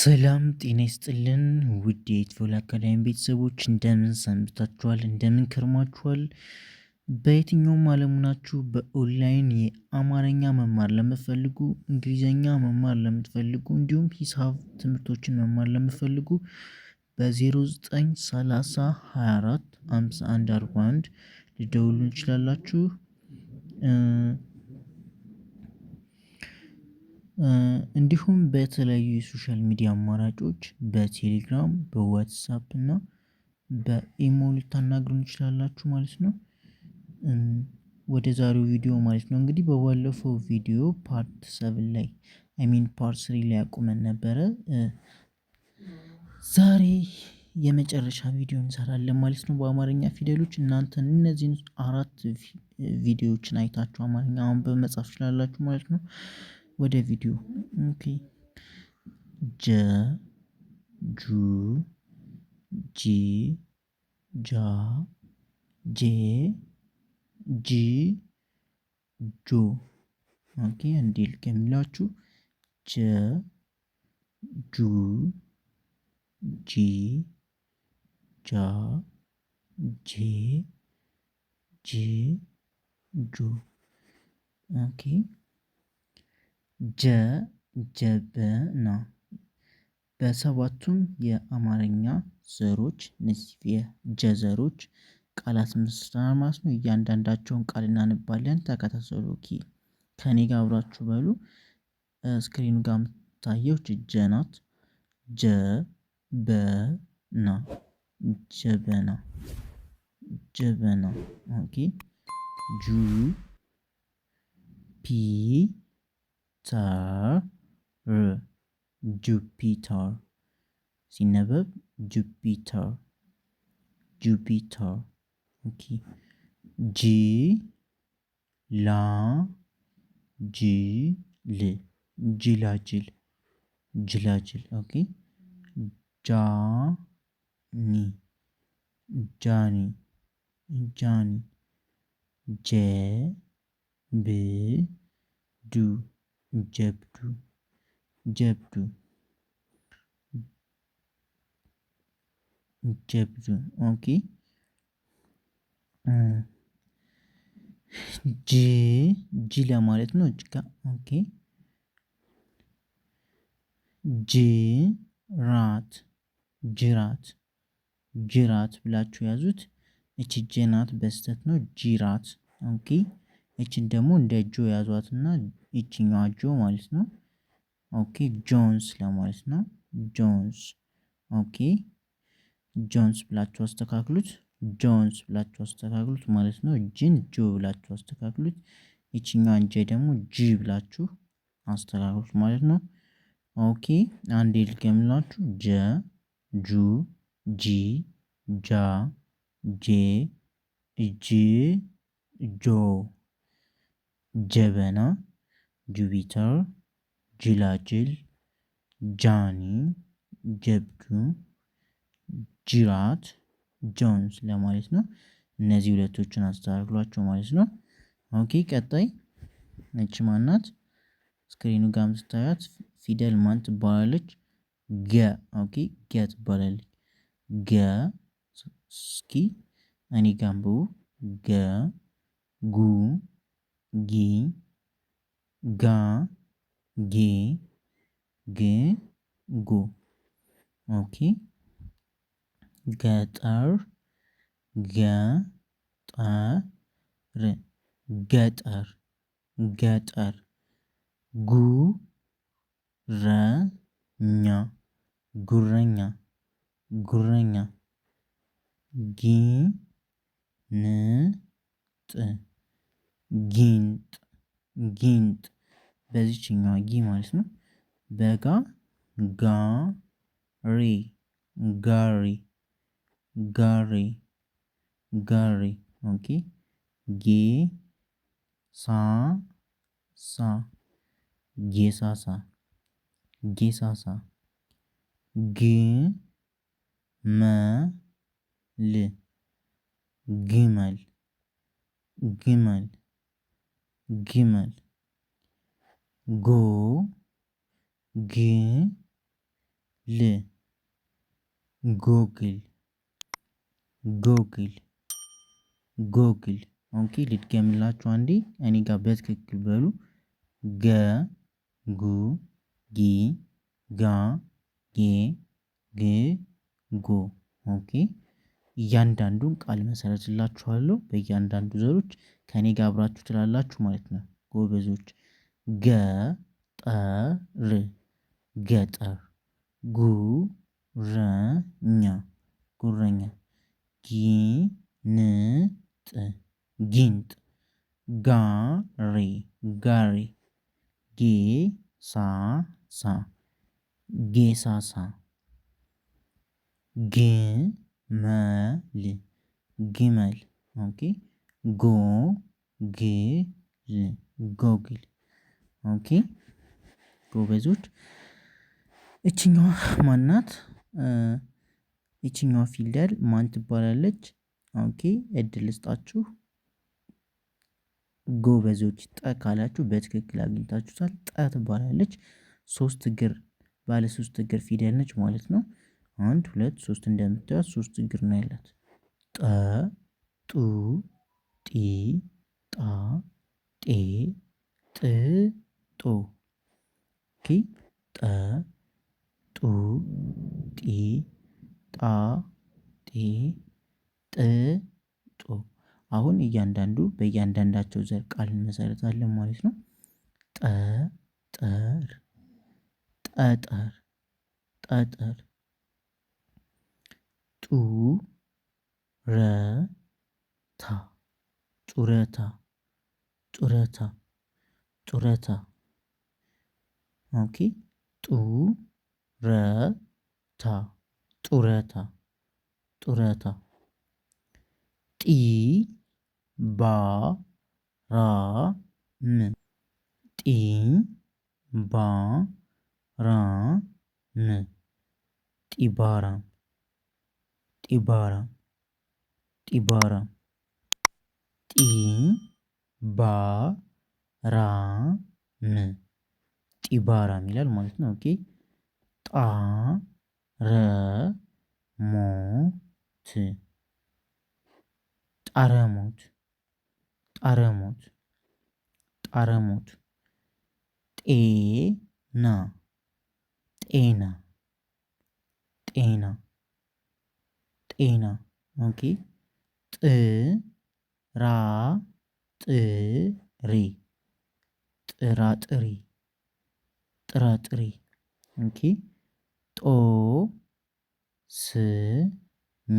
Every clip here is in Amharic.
ሰላም ጤና ይስጥልን ውድ የኢትዮል አካዳሚ ቤተሰቦች እንደምን ሰንብታችኋል? እንደምን ከርማችኋል? በየትኛውም አለሙ ናችሁ በኦንላይን የአማርኛ መማር ለምትፈልጉ፣ እንግሊዝኛ መማር ለምትፈልጉ እንዲሁም ሂሳብ ትምህርቶችን መማር ለምትፈልጉ በ0930 ልደውሉ እንችላላችሁ። እንዲሁም በተለያዩ የሶሻል ሚዲያ አማራጮች በቴሌግራም በዋትሳፕ እና በኢሞ ልታናግሩን ትችላላችሁ ማለት ነው። ወደ ዛሬው ቪዲዮ ማለት ነው እንግዲህ በባለፈው ቪዲዮ ፓርት ሰብን ላይ አይ ፓርት ስሪ ላይ ያቁመን ነበረ። ዛሬ የመጨረሻ ቪዲዮ እንሰራለን ማለት ነው በአማርኛ ፊደሎች እናንተ እነዚህን አራት ቪዲዮዎችን አይታችሁ አማርኛ አሁን በመጻፍ ትችላላችሁ ማለት ነው። ወደ ቪዲዮ ኦኬ ጀ ጁ ጂ ጃ ጄ ጂ ጆ ኦኬ እንዲህ ልክ የሚላችሁ ጀ ጁ ጂ ጃ ጄ ጄ ጁ ኦኬ ጀ ጀበና በሰባቱም የአማርኛ ዘሮች እነዚህ የጀ ዘሮች ቃላት ምስረታ ማለት ነው። እያንዳንዳቸውን ቃል እናንባለን። ተከታተሉ ከኔ ከእኔ ጋር አብራችሁ በሉ። ስክሪኑ ጋር የምትታየው ጀ ናት። ጀ በ ጀበና ጀበና ኦኬ ጁ ፒ ተር ጁፒተር ሲነበብ ጁፒተር ጁፒተር ጂ ላ ጂል ጅላጅል ጅላጅል ኦኬ ጃ ኒ ጃኒ ጃኒ ጄ ብ ዱ ጀብዱ ጀብዱ ጀብዱ ኦኬ ጅ ጅ ለማለት ነው። እጅ ጋ ኦኬ ጅ ራት ጅራት ጅራት ብላችሁ ያዙት። እቺ ጄ ናት በስተት ነው ጂራት ኦኬ ይቺን ደግሞ እንደ ጆ ያዟትና ይቺኛዋ ጆ ማለት ነው። ኦኬ ጆንስ ለማለት ነው። ጆንስ ኦኬ ጆንስ ብላችሁ አስተካክሉት። ጆንስ ብላችሁ አስተካክሉት ማለት ነው። ጅን ጆ ብላችሁ አስተካክሉት። ይቺኛዋን ጄ ደግሞ ጂ ብላችሁ አስተካክሉት ማለት ነው። ኦኬ አንዴ ልገምላችሁ። ጀ ጁ ጂ ጃ ጄ እጅ ጆ ጀበና ጁቢተር፣ ጅላጅል ጃኒ ጀብጁ ጅራት ጆንስ ለማለት ነው። እነዚህ ሁለቶቹን አስተካክሏቸው ማለት ነው። ኦኬ ቀጣይ እቺ ማናት ስክሪኑ ጋርም ስታያት ፊደል ማን ትባላለች? ገ ኦኬ ገ ትባላለች። ገ እስኪ እኔ ጋር ገ ጉ ጊ ጋ ጌ ግ ጎ ኦኬ ገጠር ገ ገጠር ገጠር ጉ ረኛ ጉረኛ ጉረኛ ጊ ን ጥ ጊንጥ ጊንጥ በዚችኛዋ ጊ ማለት ነው። በጋ ጋ ሬ ጋሬ ጋሬ ጋሬ ኦኬ ጌ ሳ ሳ ጌሳሳ ጌሳሳ ግ መ ል ግመል ግመል गिमल गो गे ले गोकिल गोकिल गोकिल ओंकी लिटके मिला चवांडी एनिका बेस के बेलू ग गु गी गा गे गे गो ओके እያንዳንዱን ቃል መሰረትላችኋለሁ በእያንዳንዱ ዘሮች ከኔ ጋር አብራችሁ ትላላችሁ ማለት ነው። ጎበዞች ገጠር፣ ገጠር ጉረኛ ጉረኛ ጊንጥ ጊንጥ ጋሪ ጋሪ ጌሳሳ ጌሳሳ ግ መሊ ግመል ኦኬ ጎ ግ ጎግል ኦኬ ጎበዞች። እችኛዋ ማናት? እችኛዋ ፊደል ማን ትባላለች? ኦኬ እድል ስጣችሁ ጎበዞች ጠ ካላችሁ በትክክል አግኝታችሁታል። ጠ ትባላለች ሶስት እግር ባለ ሶስት እግር ፊደል ነች ማለት ነው። አንድ ሁለት ሶስት እንደምታዩት ሶስት እግር ነው ያላት። ጠ ጡ ጢ ጣ ጤ ጥ ጦ ኪ ጠ ጡ ጢ ጣ ጤ ጥ ጦ። አሁን እያንዳንዱ በእያንዳንዳቸው ዘር ቃል እንመሰረታለን ማለት ነው። ጠ ጠር ጠጠር ጠጠር ጡ ረ ጡረታ ጡረታ ጡረታ ጡረታ ኦኬ ጡረታ ጡረታ ጡረታ ጢባራም ጢባራም ጢባራም Tibara, Tibara, ጢባራን ጢባራም ይላል ማለት ነው። ኦኬ ጣረሞት ጣረሞት ጣረሞት ጣረሞት ጤና ጤና ጤና ጤና ኦኬ ጥ ራ ጥ ጥሪ ጥራጥሪ ጥራጥሪ ኦኬ ጦ ስ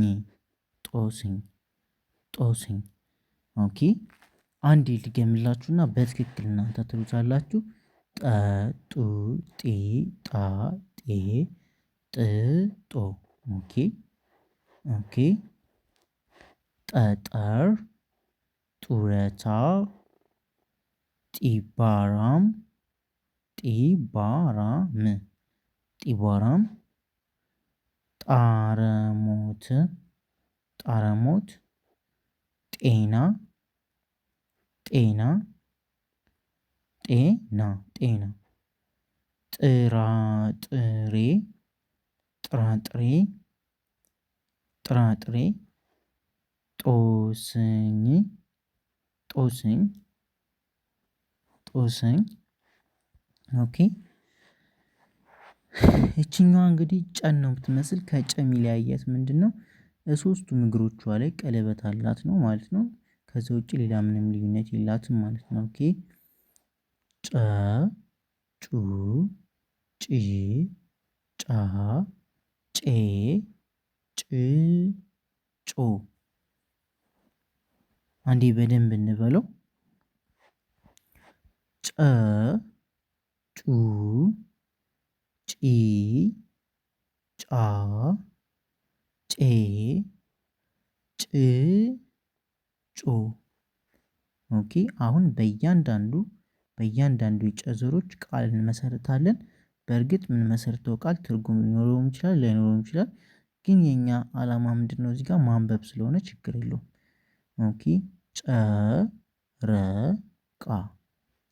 ኝ ጦስኝ ጦስኝ ኦኬ አንድ ልገምላችሁና በትክክል እናንተ ትሉታላችሁ ጠ ጡ ጢ ጣ ጤ ጥ ጦ ኦኬ ኦኬ ጠጠር ጡረታ ጢባራም ጢባራም ጢባራም ጣረሞት ጣረሞት ጤና ጤና ጤና ጤና ጥራጥሬ ጥራጥሬ ጥራጥሬ ጦስኝ ጦስኝ ጦስኝ ኦኬ ይቺኛዋ እንግዲህ ጨን ነው የምትመስል ከጨ የሚለያያት ምንድነው? ሶስቱ እግሮቿ ላይ ቀለበት አላት ነው ማለት ነው። ከዚ ውጭ ሌላ ምንም ልዩነት የላትም ማለት ነው። ኦኬ ጨ ጩ ጭ ጫ ጬ ጭጮ አንዴ በደንብ እንበለው ጨ ጩ ጪ ጫ ጬ ጭ ጮ ኦኬ አሁን በእያንዳንዱ በእያንዳንዱ የጨ ዘሮች ቃል እንመሰርታለን። ምን መሰርተው ቃል ትርጉም ሊኖረውም ይችላል ላይኖረውም ይችላል ግን የኛ አላማ ምንድን እዚህ እዚጋ ማንበብ ስለሆነ ችግር የለውም። ኦኬ ጨረቃ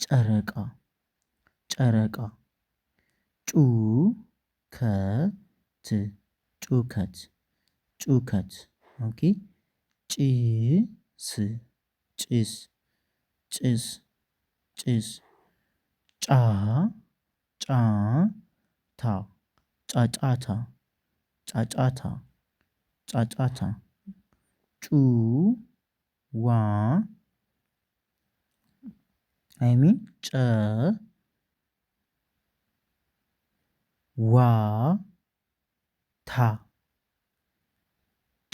ጨረቃ ጨረቃ ጩከት ጩከት ጩከት ኦኬ ጭስ ጭስ ጭስ ጭስ ጫ ጫታ ጫጫታ ጫጫታ ጫጫታ ጩ ዋ አይ ጨ ዋ ታ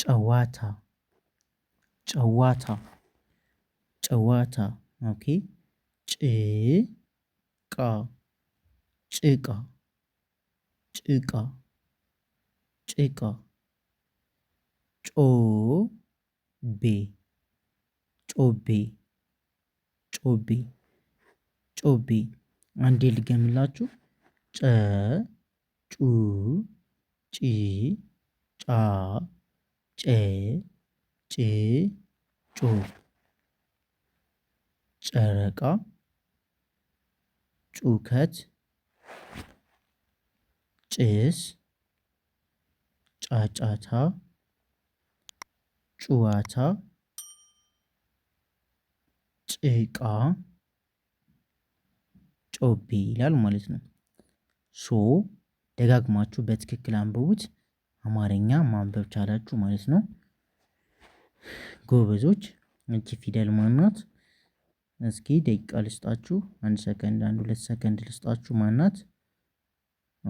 ጨዋታ ጨዋታ ጨዋታ ኦኬ ጭ ቃ ጭቃ ጭቃ ጭቃ ጮቤ ጮቤ ጮቤ ጮቤ አንዴ ልገምላችሁ ጨ ጩ ጪ ጫ ጬ ጭ ጮ ጨረቃ ጩከት ጭስ ጫጫታ ጩዋታ ጭቃ ጮቤ ይላል ማለት ነው። ሶ ደጋግማችሁ በትክክል አንብቡት አማርኛ ማንበብ ቻላችሁ ማለት ነው። ጎበዞች እቺ ፊደል ማናት? እስኪ ደቂቃ ልስጣችሁ። አንድ ሰከንድ አንድ ሁለት ሰከንድ ልስጣችሁ። ማናት?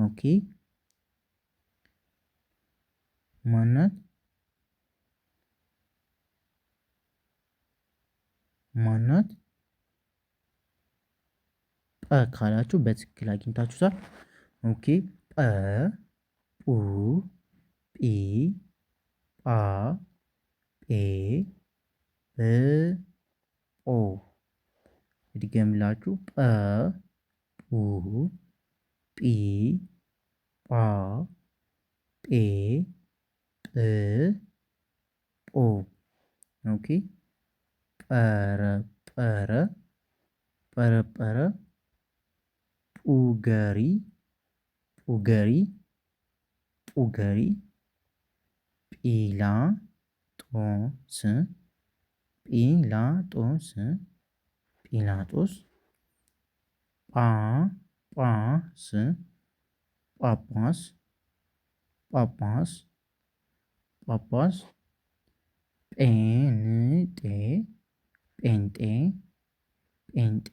ኦኬ ማን ናት? ጰ ካላችሁ በትክክል አግኝታችሁታል። ኦኬ ጰ ጱ ጲ ጳ ጴ ጵ ጶ እድገምላችሁ ጰ ጱ ጲ ጳ ጴ ጶ ኦኬ ጰረጰረ ጰረጰረ ጱገሪ ጱገሪ ጱገሪ ጲላጦስ ጲላጦስ ጲላጦስ ጳጳስ ጳጳስ ጳጳስ ጳጳስ ጴንጤ ጴንጤ ጴንጤ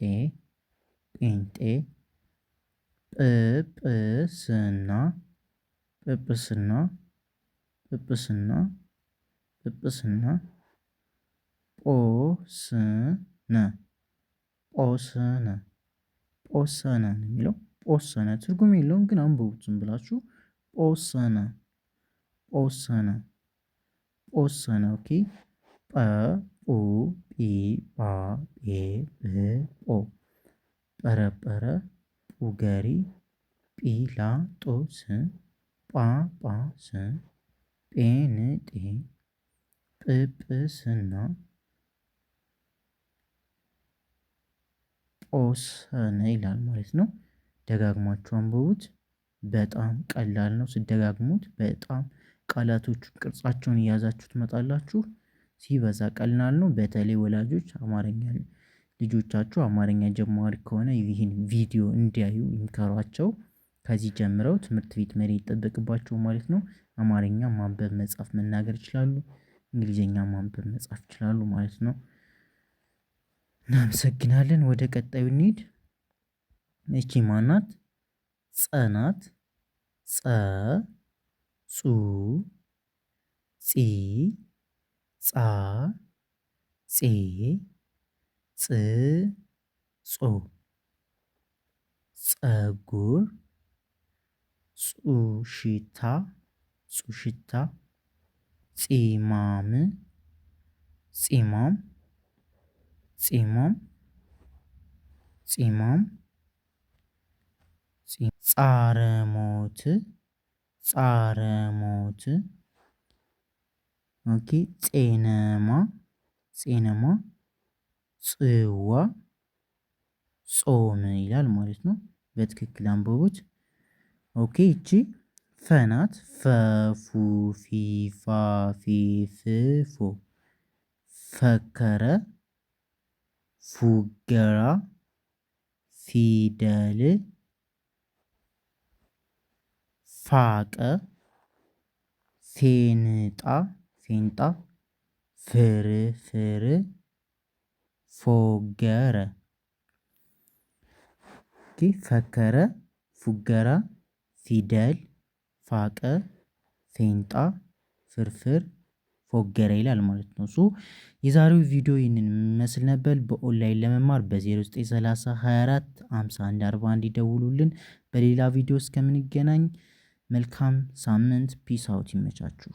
ጴንጤ ጵጵስና ጵጵስና ጵጵስና ጵጵስና ጶስነ ጶስነ ጶሰነ ነው የሚለው። ጶሰነ ትርጉም የለውም ግን አንብቡት ዝም ብላችሁ ጶሰነ ጶሰነ ወሰነ ኦኬ ጰ ጱ ጲ ጳ ጴ ፕ ጶ ጰረጰረ ጱገሪ ጲላጦስ ጳጳስ ጴንጤ ጵጵስና ቆሰነ ይላል ማለት ነው። ደጋግማችሁ አንብቡት። በጣም ቀላል ነው። ስደጋግሙት በጣም ቃላቶቹ ቅርጻቸውን እያዛችሁ ትመጣላችሁ። ሲበዛ ቀላል ነው። በተለይ ወላጆች አማርኛ ልጆቻችሁ አማርኛ ጀማሪ ከሆነ ይህን ቪዲዮ እንዲያዩ ይምከሯቸው። ከዚህ ጀምረው ትምህርት ቤት መሬ ይጠበቅባቸው ማለት ነው። አማርኛ ማንበብ መጻፍ መናገር ይችላሉ። እንግሊዝኛ ማንበብ መጻፍ ይችላሉ ማለት ነው። እናመሰግናለን ወደ ቀጣዩ እንሂድ። እቺ ማናት? ጸናት ፀ ጹ ጺ ጻ ጼ ጽ ጾ ፀጉር ጹሽታ ጹሽታ ጺማም ጺማም ጺማም ጺማም ጻረሞት ጻረሞት ኦኬ ጤነማ ጤነማ ጽዋ ጾም ይላል ማለት ነው። በትክክል አንብቡት። ኦኬ ይቺ ፈናት ፈፉ ፊፋ ፊፍፎ ፈከረ ፉገራ ፊደል ፋቀ ፌንጣ ፌንጣ ፍርፍር ፎገረ ፈከረ ፉገራ ፊደል ፋቀ ፌንጣ ፍርፍር ፎገረ ይላል ማለት ነው። እሱ የዛሬው ቪዲዮ ይህንን የሚመስል ነበር። በኦንላይን ለመማር በ0930 24 51 41 ይደውሉልን። በሌላ ቪዲዮ እስከምንገናኝ መልካም ሳምንት። ፒስ አውት ይመቻችሁ።